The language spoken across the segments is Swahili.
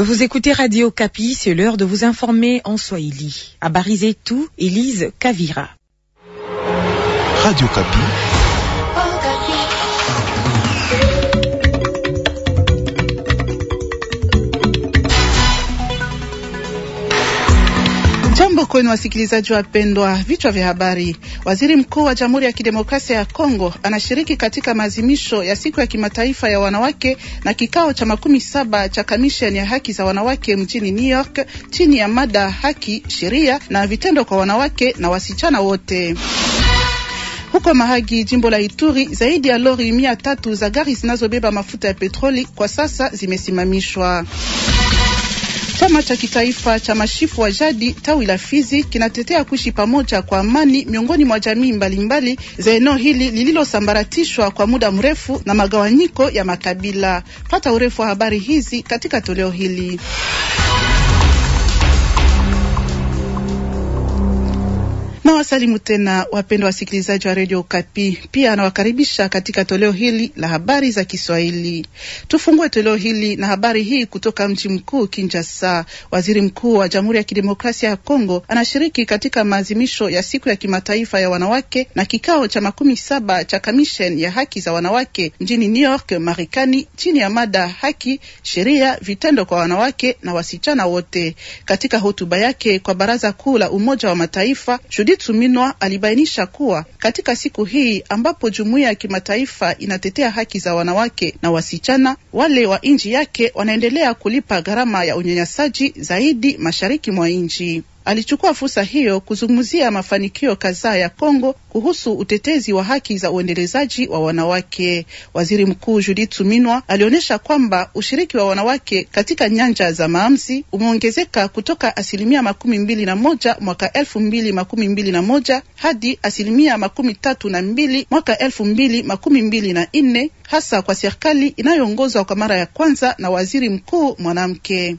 Vous écoutez Radio Capi, c'est l'heure de vous informer en Swahili. À tout, Elise Kavira. Radio Capi. kwenu wasikilizaji wapendwa. Vichwa vya habari: waziri mkuu wa Jamhuri ya Kidemokrasia ya Kongo anashiriki katika maazimisho ya siku ya kimataifa ya wanawake na kikao cha makumi saba cha kamisheni ya haki za wanawake mjini New York chini ya mada haki, sheria na vitendo kwa wanawake na wasichana wote. Huko Mahagi, jimbo la Ituri, zaidi ya lori mia tatu za gari zinazobeba mafuta ya petroli kwa sasa zimesimamishwa. Chama cha kitaifa cha mashifu wa jadi tawi la Fizi kinatetea kuishi pamoja kwa amani miongoni mwa jamii mbalimbali za eneo hili lililosambaratishwa kwa muda mrefu na magawanyiko ya makabila. Pata urefu wa habari hizi katika toleo hili. Nawasalimu tena wapendwa wasikilizaji wa redio Kapi, pia anawakaribisha katika toleo hili la habari za Kiswahili. Tufungue toleo hili na habari hii kutoka mji mkuu Kinshasa. Waziri mkuu wa Jamhuri ya Kidemokrasia ya Kongo anashiriki katika maadhimisho ya siku ya kimataifa ya wanawake na kikao cha makumi saba cha kamishen ya haki za wanawake mjini New York, Marekani, chini ya mada haki, sheria, vitendo kwa wanawake na wasichana wote. Katika hotuba yake kwa Baraza Kuu la Umoja wa Mataifa, Judith Minwa alibainisha kuwa katika siku hii ambapo jumuiya ya kimataifa inatetea haki za wanawake na wasichana, wale wa nchi yake wanaendelea kulipa gharama ya unyanyasaji zaidi mashariki mwa nchi alichukua fursa hiyo kuzungumzia mafanikio kadhaa ya Kongo kuhusu utetezi wa haki za uendelezaji wa wanawake. Waziri Mkuu Judith Suminwa alionyesha kwamba ushiriki wa wanawake katika nyanja za maamuzi umeongezeka kutoka asilimia makumi mbili na moja mwaka elfu mbili makumi mbili na moja hadi asilimia makumi tatu na mbili mwaka elfu mbili makumi mbili na nne hasa kwa serikali inayoongozwa kwa mara ya kwanza na waziri mkuu mwanamke.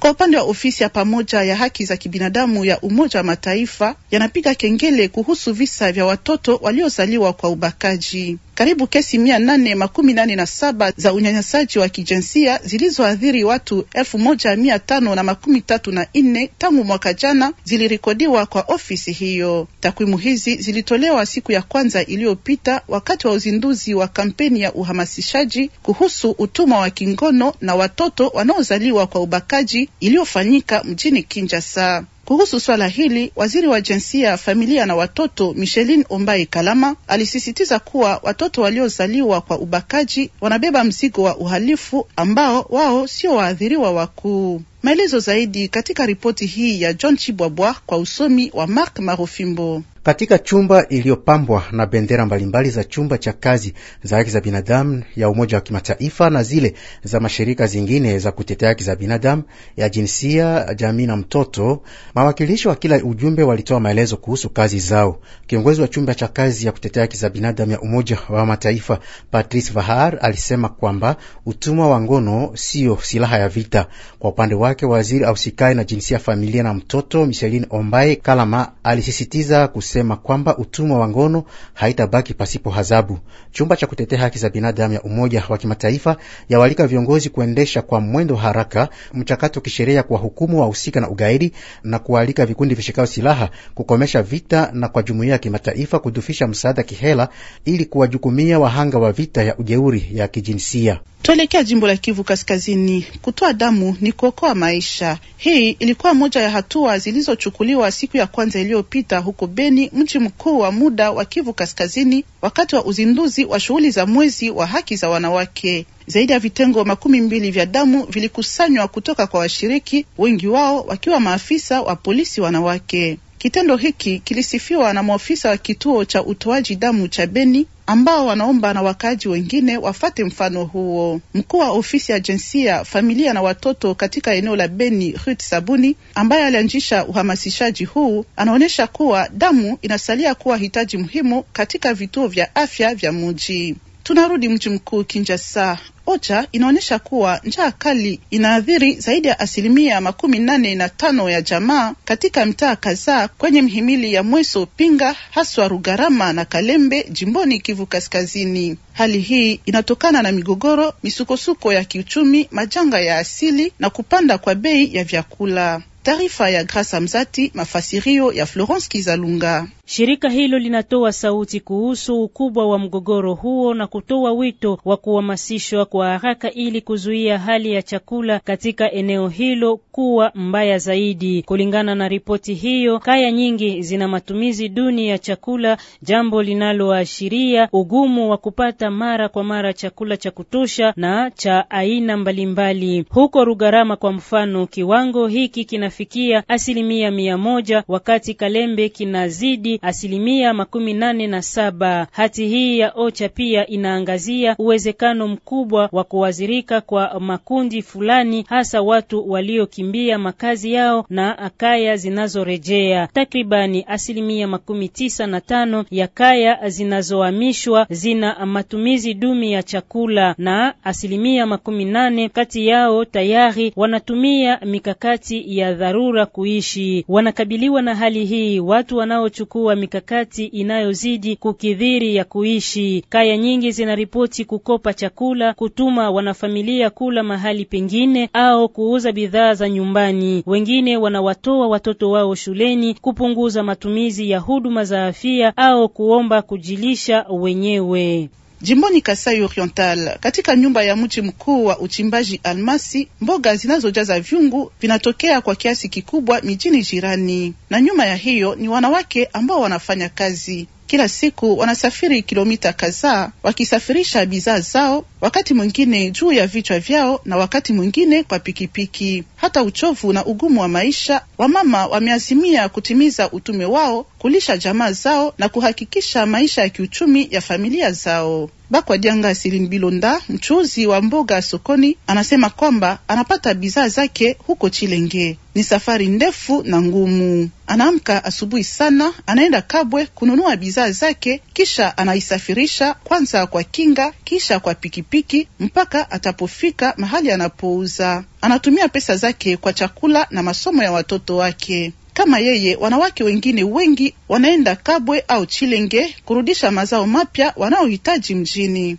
Kwa upande wa ofisi ya pamoja ya haki za kibinadamu ya Umoja wa Mataifa, yanapiga kengele kuhusu visa vya watoto waliozaliwa kwa ubakaji karibu kesi mia nane makumi nane na saba za unyanyasaji wa kijinsia zilizoathiri watu elfu moja mia tano na makumi tatu na nne tangu mwaka jana zilirekodiwa kwa ofisi hiyo. Takwimu hizi zilitolewa siku ya kwanza iliyopita wakati wa uzinduzi wa kampeni ya uhamasishaji kuhusu utumwa wa kingono na watoto wanaozaliwa kwa ubakaji iliyofanyika mjini Kinshasa. Kuhusu swala hili, waziri wa jinsia, familia na watoto Micheline Ombai Kalama alisisitiza kuwa watoto waliozaliwa kwa ubakaji wanabeba mzigo wa uhalifu ambao wao sio waathiriwa wakuu. Maelezo zaidi katika ripoti hii ya John Chibwabwa kwa usomi wa Mark Marofimbo katika chumba iliyopambwa na bendera mbalimbali za chumba cha kazi za haki za binadamu ya Umoja wa Kimataifa na zile za mashirika zingine za kutetea haki za binadamu ya jinsia, jamii na mtoto. Mawakilishi wa kila ujumbe walitoa maelezo kuhusu kazi zao. Kiongozi wa chumba cha kazi ya kutetea haki za binadamu ya Umoja wa Mataifa Patrice Vahar alisema kwamba utumwa wa ngono siyo silaha ya vita. Kwa upande wake, waziri ausikai na jinsia, familia na mtoto Micheline Ombaye Kalama alisisitiza kus kusema kwamba utumwa wa ngono haitabaki pasipo hazabu. Chumba cha kutetea haki za binadamu ya Umoja wa Kimataifa yawalika viongozi kuendesha kwa mwendo haraka mchakato wa kisheria kwa hukumu wahusika na ugaidi na kualika vikundi vishikao silaha kukomesha vita na kwa jumuiya ya kimataifa kudufisha msaada kihela ili kuwajukumia wahanga wa vita ya ujeuri ya kijinsia. Tuelekea jimbo la Kivu Kaskazini. Kutoa damu ni kuokoa maisha. Hii ilikuwa moja ya hatua zilizochukuliwa siku ya kwanza iliyopita huko Beni mji mkuu wa muda wa Kivu Kaskazini, wakati wa uzinduzi wa shughuli za mwezi wa haki za wanawake. Zaidi ya vitengo makumi mbili vya damu vilikusanywa kutoka kwa washiriki, wengi wao wakiwa maafisa wa polisi wanawake. Kitendo hiki kilisifiwa na maofisa wa kituo cha utoaji damu cha Beni ambao wanaomba na wakaaji wengine wafate mfano huo. Mkuu wa ofisi ya jinsia, familia na watoto katika eneo la Beni, Ruth Sabuni, ambaye alianzisha uhamasishaji huu, anaonyesha kuwa damu inasalia kuwa hitaji muhimu katika vituo vya afya vya muji. Tunarudi mji mkuu Kinshasa. OCHA inaonyesha kuwa njaa kali inaathiri zaidi ya asilimia makumi nane na tano ya jamaa katika mtaa kadhaa kwenye mhimili ya Mweso Pinga, haswa Rugarama na Kalembe, jimboni Kivu Kaskazini. Hali hii inatokana na migogoro, misukosuko ya kiuchumi, majanga ya asili na kupanda kwa bei ya vyakula. Taarifa ya Grasa Mzati, mafasirio ya Florence Kizalunga. Shirika hilo linatoa sauti kuhusu ukubwa wa mgogoro huo na kutoa wito wa kuhamasishwa kwa haraka ili kuzuia hali ya chakula katika eneo hilo kuwa mbaya zaidi. Kulingana na ripoti hiyo, kaya nyingi zina matumizi duni ya chakula, jambo linaloashiria ugumu wa kupata mara kwa mara chakula cha kutosha na cha aina mbalimbali. Huko Rugarama kwa mfano, kiwango hiki kina kinafikia asilimia mia moja wakati Kalembe kinazidi asilimia makumi nane na saba. Hati hii ya OCHA pia inaangazia uwezekano mkubwa wa kuwazirika kwa makundi fulani, hasa watu waliokimbia makazi yao na akaya zinazorejea. Takribani asilimia makumi tisa na tano ya kaya zinazohamishwa zina matumizi dumi ya chakula na asilimia makumi nane kati yao tayari wanatumia mikakati ya dha dharura kuishi. Wanakabiliwa na hali hii watu wanaochukua mikakati inayozidi kukidhiri ya kuishi. Kaya nyingi zinaripoti kukopa chakula, kutuma wanafamilia kula mahali pengine au kuuza bidhaa za nyumbani. Wengine wanawatoa watoto wao shuleni kupunguza matumizi ya huduma za afya au kuomba kujilisha wenyewe. Jimboni Kasai Oriental, katika nyumba ya mji mkuu wa uchimbaji almasi, mboga zinazojaza vyungu vinatokea kwa kiasi kikubwa mijini jirani, na nyuma ya hiyo ni wanawake ambao wanafanya kazi. Kila siku wanasafiri kilomita kadhaa wakisafirisha bidhaa zao, wakati mwingine juu ya vichwa vyao na wakati mwingine kwa pikipiki. Hata uchovu na ugumu wa maisha, wamama wameazimia kutimiza utume wao, kulisha jamaa zao na kuhakikisha maisha ya kiuchumi ya familia zao. bakwa Bakwadianga Silimbilonda, mchuuzi wa mboga sokoni, anasema kwamba anapata bidhaa zake huko Chilenge. Ni safari ndefu na ngumu. Anaamka asubuhi sana, anaenda Kabwe kununua bidhaa zake, kisha anaisafirisha kwanza kwa kinga, kisha kwa pikipiki mpaka atapofika mahali anapouza. Anatumia pesa zake kwa chakula na masomo ya watoto wake. Kama yeye, wanawake wengine wengi wanaenda Kabwe au Chilenge kurudisha mazao mapya wanaohitaji mjini.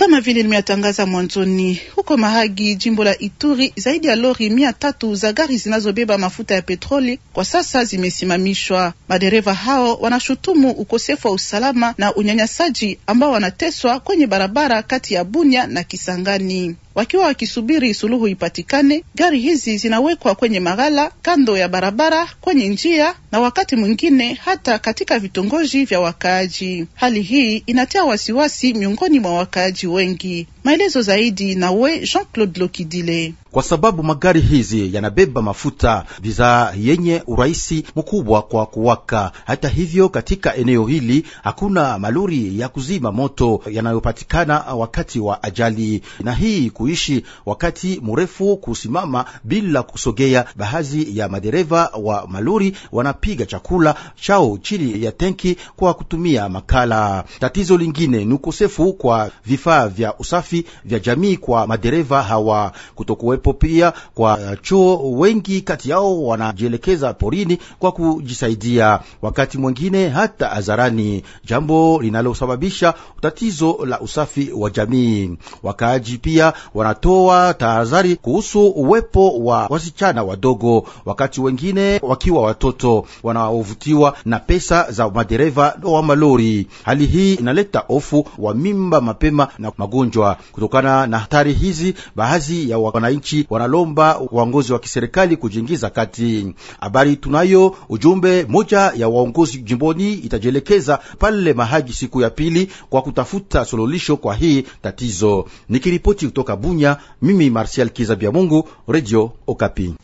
Kama vile nimeyatangaza mwanzoni, huko Mahagi, jimbo la Ituri, zaidi ya lori mia tatu za gari zinazobeba mafuta ya petroli kwa sasa zimesimamishwa. Madereva hao wanashutumu ukosefu wa usalama na unyanyasaji ambao wanateswa kwenye barabara kati ya Bunya na Kisangani. Wakiwa wakisubiri suluhu ipatikane, gari hizi zinawekwa kwenye maghala kando ya barabara, kwenye njia na wakati mwingine hata katika vitongoji vya wakaaji. Hali hii inatia wasiwasi miongoni mwa wakaaji wengi. Maelezo zaidi nawe Jean-Claude Lokidile. Kwa sababu magari hizi yanabeba mafuta, bidhaa yenye urahisi mkubwa kwa kuwaka. Hata hivyo, katika eneo hili hakuna malori ya kuzima moto yanayopatikana wakati wa ajali, na hii kuishi wakati mrefu kusimama bila kusogea. Baadhi ya madereva wa malori wanapiga chakula chao chini ya tenki kwa kutumia makala. Tatizo lingine ni ukosefu kwa vifaa vya usafi safi vya jamii kwa madereva hawa, kutokuwepo pia kwa uh, chuo, Wengi kati yao wanajielekeza porini kwa kujisaidia, wakati mwingine hata hadharani, jambo linalosababisha tatizo la usafi wa jamii. Wakaaji pia wanatoa tahadhari kuhusu uwepo wa wasichana wadogo, wakati wengine wakiwa watoto wanaovutiwa na pesa za madereva wa malori. Hali hii inaleta hofu wa mimba mapema na magonjwa. Kutokana na hatari hizi, baadhi ya wananchi wanalomba waongozi wa kiserikali kujiingiza kati. Habari tunayo ujumbe moja ya waongozi jimboni itajielekeza pale Mahagi siku ya pili kwa kutafuta suluhisho kwa hii tatizo. Nikiripoti kutoka Bunya, mimi Martial Kiza Bya Mungu, Radio Okapi.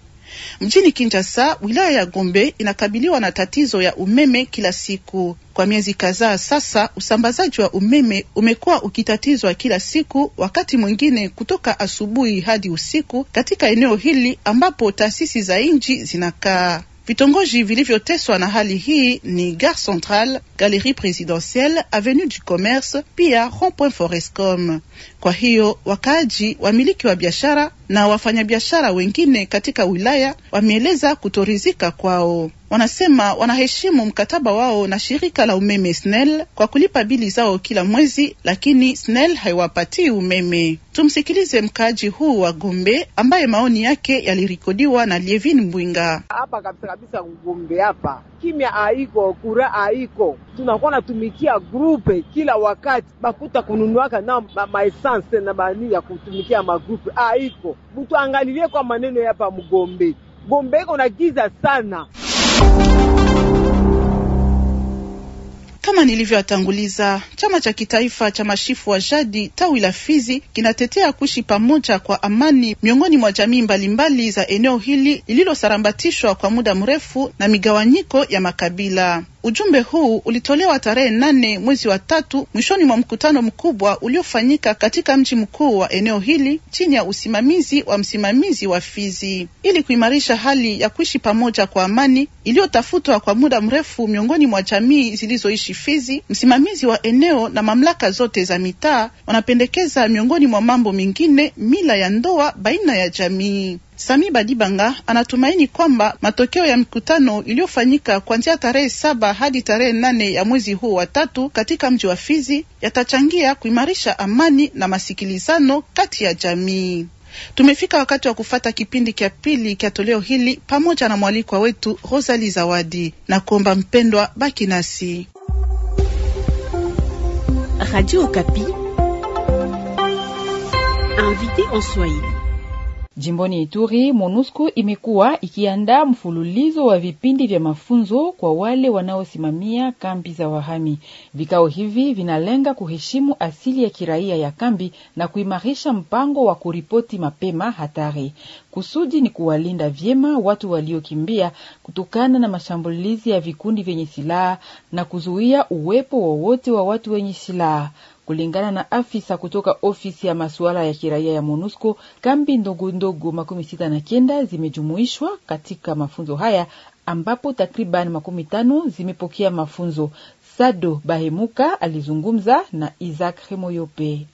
Mjini Kinshasa, wilaya ya Gombe inakabiliwa na tatizo ya umeme kila siku. Kwa miezi kadhaa sasa, usambazaji wa umeme umekuwa ukitatizwa kila siku, wakati mwingine kutoka asubuhi hadi usiku, katika eneo hili ambapo taasisi za nchi zinakaa. Vitongoji vilivyoteswa na hali hii ni Gare central Galerie Presidentielle, Avenue du Commerce, pia Rond Point Forescom. Kwa hiyo wakaaji, wamiliki wa biashara na wafanyabiashara wengine katika wilaya wameeleza kutorizika kwao. Wanasema wanaheshimu mkataba wao na shirika la umeme SNEL kwa kulipa bili zao kila mwezi, lakini SNEL haiwapatii umeme. Tumsikilize mkaaji huu wa Gombe ambaye maoni yake yalirikodiwa na Lievin Mbwinga. Hapa kabisa kabisa Gombe hapa kimya haiko, kura haiko, tunakuwa natumikia grupe kila wakati, bakuta kununuaka nao ma na bani ya kutumikia magrupe haiko mutuangalilie kwa maneno yapa mgombe gombe iko na giza sana. Kama nilivyowatanguliza, chama cha kitaifa cha mashifu wa jadi tawi la Fizi kinatetea kuishi pamoja kwa amani miongoni mwa jamii mbalimbali za eneo hili lililosarambatishwa kwa muda mrefu na migawanyiko ya makabila. Ujumbe huu ulitolewa tarehe nane mwezi wa tatu mwishoni mwa mkutano mkubwa uliofanyika katika mji mkuu wa eneo hili chini ya usimamizi wa msimamizi wa Fizi ili kuimarisha hali ya kuishi pamoja kwa amani iliyotafutwa kwa muda mrefu miongoni mwa jamii zilizoishi Fizi. Msimamizi wa eneo na mamlaka zote za mitaa wanapendekeza miongoni mwa mambo mengine mila ya ndoa baina ya jamii. Sami Badibanga anatumaini kwamba matokeo ya mikutano iliyofanyika kuanzia tarehe saba hadi tarehe nane ya mwezi huu wa tatu katika mji wa Fizi yatachangia kuimarisha amani na masikilizano kati ya jamii. Tumefika wakati wa kufata kipindi cha pili cha toleo hili pamoja na mwalikwa wetu Rosali Zawadi na kuomba mpendwa, baki nasi Radio Okapi. Invité en Swahili. Jimboni Ituri, MONUSCO imekuwa ikiandaa mfululizo wa vipindi vya mafunzo kwa wale wanaosimamia kambi za wahami. Vikao hivi vinalenga kuheshimu asili ya kiraia ya kambi na kuimarisha mpango wa kuripoti mapema hatari. Kusudi ni kuwalinda vyema watu waliokimbia kutokana na mashambulizi ya vikundi vyenye silaha na kuzuia uwepo wowote wa watu wenye silaha. Kulingana na afisa kutoka ofisi ya masuala ya kiraia ya MONUSCO, kambi ndogo makumi sita na kenda zimejumuishwa katika mafunzo haya ambapo takriban makumi tano zimepokea mafunzo. Sado Bahemuka alizungumza na Isaac Remoyope.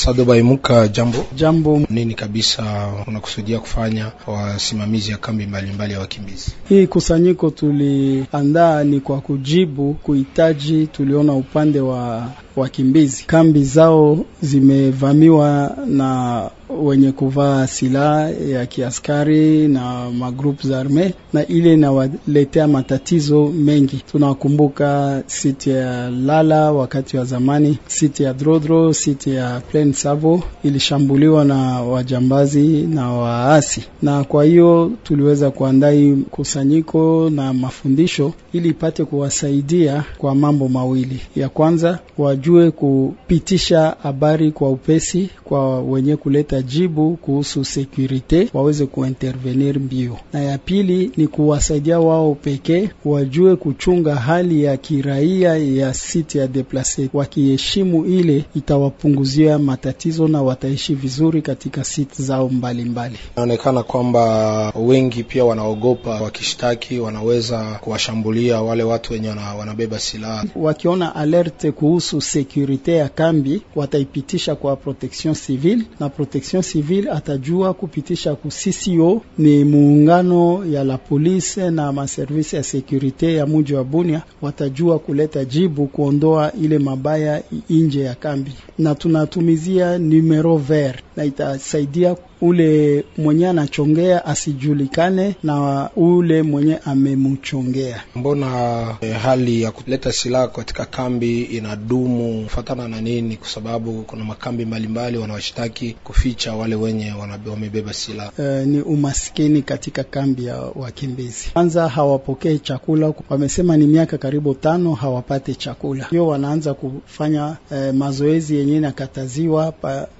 Sado Baimuka, jambo jambo. Nini kabisa unakusudia kufanya wasimamizi ya kambi mbalimbali ya wakimbizi? Hii kusanyiko tuliandaa ni kwa kujibu kuhitaji tuliona upande wa wakimbizi, kambi zao zimevamiwa na wenye kuvaa silaha ya kiaskari na magrup za arme, na ile inawaletea matatizo mengi. Tunakumbuka siti ya Lala wakati wa zamani, siti ya Drodro, siti ya Plain Savo ilishambuliwa na wajambazi na waasi, na kwa hiyo tuliweza kuandai kusanyiko na mafundisho ili ipate kuwasaidia kwa mambo mawili. Ya kwanza, wajue kupitisha habari kwa upesi kwa wenye kuleta watajibu kuhusu sekurite waweze kuintervenir mbio, na ya pili ni kuwasaidia wao pekee wajue kuchunga hali ya kiraia ya site ya deplase. Wakiheshimu ile, itawapunguzia matatizo na wataishi vizuri katika site zao mbalimbali. Inaonekana kwamba wengi pia wanaogopa, wakishtaki wanaweza kuwashambulia wale watu wenye wanabeba silaha. Wakiona alerte kuhusu sekurite ya kambi, wataipitisha kwa protection civile na protection protection civile atajua kupitisha CCO ni muungano ya la police na maservisi ya sekurite ya muji wa Bunia, watajua kuleta jibu kuondoa ile mabaya nje ya kambi, na tunatumizia numero vert na itasaidia ule mwenye anachongea asijulikane na ule mwenye amemchongea. Mbona eh, hali ya kuleta silaha katika kambi inadumu kufatana na nini? Kwa sababu kuna makambi mbalimbali wanawashitaki kuficha wale wenye wamebeba silaha. Eh, ni umaskini katika kambi ya wakimbizi. Kwanza hawapokee chakula, wamesema ni miaka karibu tano hawapate chakula, hiyo wanaanza kufanya eh, mazoezi yenyewe nakataziwa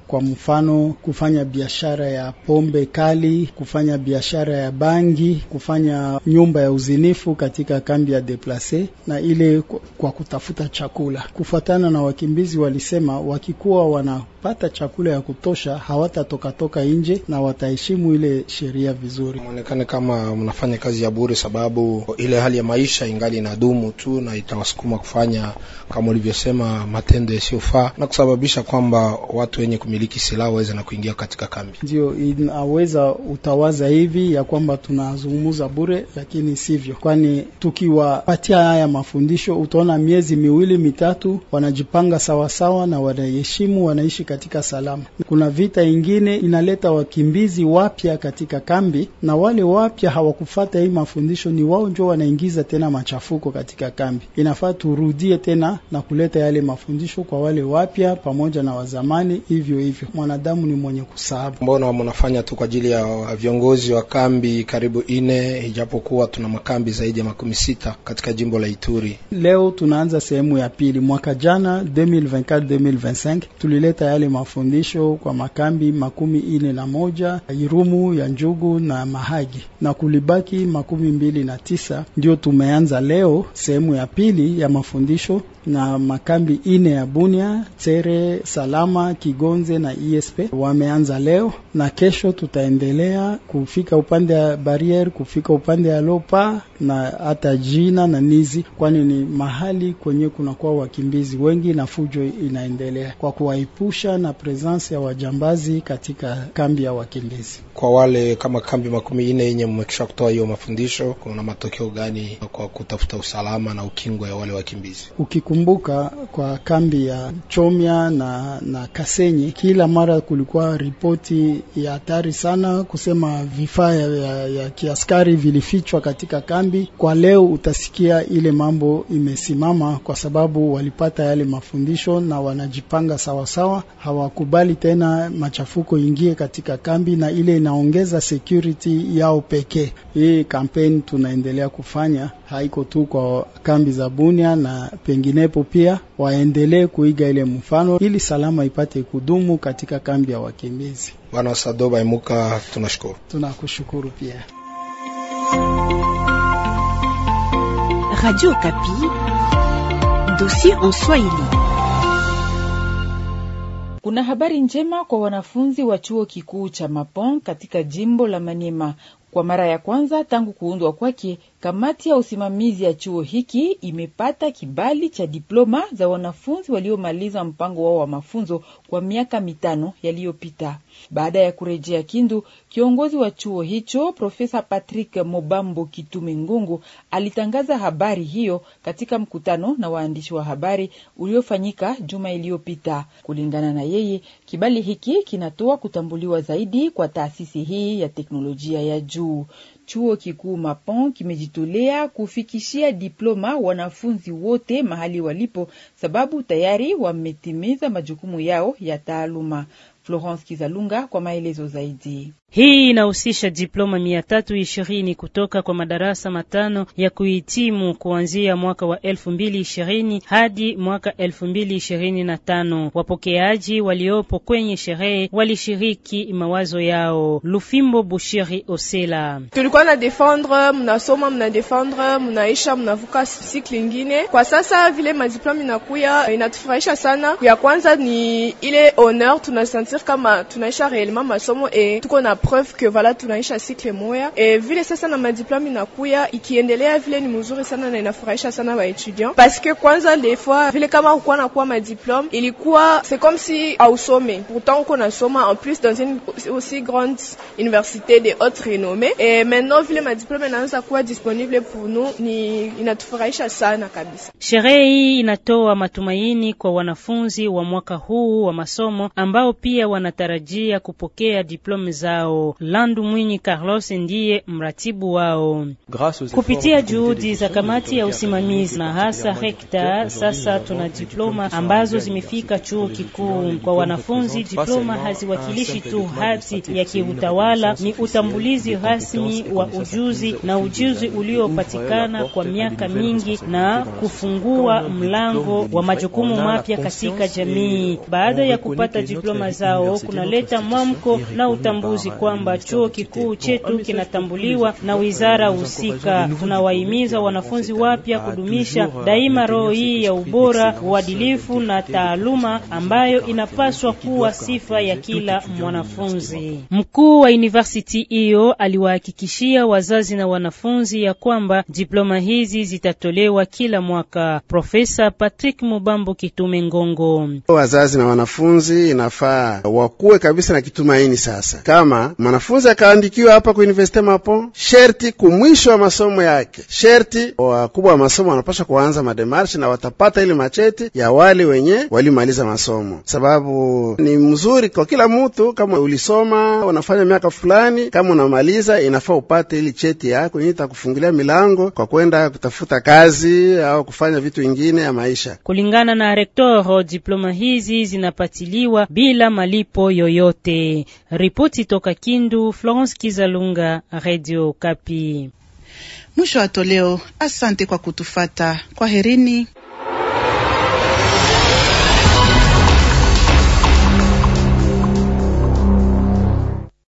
kwa mfano kufanya biashara ya pombe kali, kufanya biashara ya bangi, kufanya nyumba ya uzinifu katika kambi ya deplace na ile kwa kutafuta chakula. Kufuatana na wakimbizi walisema, wakikuwa wanapata chakula ya kutosha hawatatokatoka nje na wataheshimu ile sheria vizuri. Mwonekane kama mnafanya kazi ya bure, sababu ile hali ya maisha ingali inadumu tu na itawasukuma kufanya kama ulivyosema matendo yasiyofaa na kusababisha kwamba watu wenye kumi wamiliki silaha waweza na kuingia katika kambi. Ndio inaweza utawaza hivi ya kwamba tunazungumza bure, lakini sivyo, kwani tukiwapatia haya mafundisho utaona miezi miwili mitatu wanajipanga sawasawa sawa, na wanaheshimu, wanaishi katika salama. Kuna vita ingine inaleta wakimbizi wapya katika kambi, na wale wapya hawakufata hii mafundisho, ni wao ndio wanaingiza tena machafuko katika kambi. Inafaa turudie tena na kuleta yale mafundisho kwa wale wapya pamoja na wazamani hivyo hivyo. Mwanadamu ni mwenye kusahabu. Mbona mnafanya tu kwa ajili ya viongozi wa kambi karibu ine, ijapokuwa tuna makambi zaidi ya makumi sita katika jimbo la Ituri. Leo tunaanza sehemu ya pili. Mwaka jana 2024 2025 tulileta yale mafundisho kwa makambi makumi ine na moja Irumu ya Njugu na Mahagi na kulibaki makumi mbili na tisa. Ndio tumeanza leo sehemu ya pili ya mafundisho na makambi ine ya Bunia, Tere, Salama, Kigonze na ISP e wameanza leo na kesho tutaendelea kufika upande ya barriere, kufika upande ya Lopa na hata Jina na Nizi, kwani ni mahali kwenye kunakuwa wakimbizi wengi na fujo inaendelea, kwa kuwaepusha na presence ya wajambazi katika kambi ya wakimbizi. Kwa wale kama kambi makumi nne yenye mmekisha kutoa hiyo mafundisho, kuna matokeo gani kwa kutafuta usalama na ukingo ya wale wakimbizi? Ukikumbuka kwa kambi ya chomia na, na Kasenyi kila mara kulikuwa ripoti ya hatari sana, kusema vifaa ya, ya, ya kiaskari vilifichwa katika kambi. Kwa leo utasikia ile mambo imesimama, kwa sababu walipata yale mafundisho na wanajipanga sawasawa. Hawakubali tena machafuko ingie katika kambi, na ile inaongeza security yao pekee. Hii kampeni tunaendelea kufanya haiko tu kwa kambi za Bunia na penginepo, pia waendelee kuiga ile mfano ili salama ipate kudumu muhimu katika kambi ya wakimbizi. Bwana Sado Baimuka, tunashukuru. Tunakushukuru pia. Radio Kapi, dossier en Swahili. Kuna habari njema kwa wanafunzi wa chuo kikuu cha Mapon katika jimbo la Maniema. Kwa mara ya kwanza tangu kuundwa kwake, Kamati ya usimamizi ya chuo hiki imepata kibali cha diploma za wanafunzi waliomaliza mpango wao wa mafunzo kwa miaka mitano yaliyopita. Baada ya kurejea Kindu, kiongozi wa chuo hicho Profesa Patrick Mobambo Kitume Ngungu alitangaza habari hiyo katika mkutano na waandishi wa habari uliofanyika juma iliyopita. Kulingana na yeye, kibali hiki kinatoa kutambuliwa zaidi kwa taasisi hii ya teknolojia ya juu. Chuo Kikuu Mapon kimejitolea kufikishia diploma wanafunzi wote mahali walipo, sababu tayari wametimiza majukumu yao ya taaluma. Florence Kizalunga kwa maelezo zaidi. Hii inahusisha diploma mia tatu ishirini kutoka kwa madarasa matano ya kuhitimu kuanzia mwaka wa elfu mbili ishirini hadi mwaka elfu mbili ishirini na tano. Wapokeaji waliopo kwenye sherehe walishiriki mawazo yao. Lufimbo Bushiri Osela: tulikuwa na defendre, mnasoma mna defendre, mnaisha mnavuka sikli ingine. Kwa sasa vile madiploma inakuya inatufurahisha sana. Ya kwanza ni ile honor tunasenti preuve kama tunaisha reellement masomo e tuko na preuve que voilà tunaisha sikle moya e vile sasa na madiplome inakuya ikiendelea vile ni mzuri sana na inafurahisha sana ba étudiants parce que kwanza des fois vile kama ukuwa na kuwa madiplome ilikuwa c'est comme si ausome pourtant uko nasoma en plus dans une aussi grande université de haute renommée et maintenant vile madiplome inaanza kuwa disponible pour nous ni inatufurahisha sana kabisa. Sherehe hii inatoa matumaini kwa wanafunzi wa mwaka huu wa masomo ambao pia wanatarajia kupokea diplome zao. Landu Mwinyi Carlos ndiye mratibu wao. Kupitia juhudi za kamati ya usimamizi na hasa hekta sasa tuna diploma ambazo zimefika chuo kikuu kwa wanafunzi. Diploma haziwakilishi tu hati ya kiutawala, ni utambulizi rasmi wa ujuzi na ujuzi uliopatikana kwa miaka mingi na kufungua mlango wa majukumu mapya katika jamii. Baada ya kupata diploma zao yao kunaleta mwamko na utambuzi kwamba chuo kikuu chetu kinatambuliwa na wizara husika. Tunawahimiza wanafunzi wapya ah, kudumisha daima roho hii ya ubora, uadilifu na taaluma ambayo inapaswa kuwa sifa ya kila mwanafunzi. Mkuu wa university hiyo aliwahakikishia wazazi na wanafunzi ya kwamba diploma hizi zitatolewa kila mwaka. Profesa Patrick Mubambo Kitume Ngongo: wazazi na wanafunzi inafaa wakuwe kabisa na kitumaini sasa. Kama mwanafunzi akaandikiwa hapa ku Universite Mapon, sherti kumwisho wa masomo yake, sherti wakubwa wa masomo wanapasha kuanza mademarshi na watapata ile macheti ya wale wenye walimaliza masomo, sababu ni mzuri kwa kila mutu Kama ulisoma unafanya miaka fulani, kama unamaliza inafaa upate ili cheti yako yenye itakufungulia milango kwa kwenda kutafuta kazi au kufanya vitu vingine ya maisha. Kulingana na rektor, diploma hizi zinapatiliwa bila mali malipo yoyote. Ripoti toka Kindu, Florence Kizalunga, Radio Kapi. Mwisho wa toleo. Asante kwa kutufata. Kwaherini.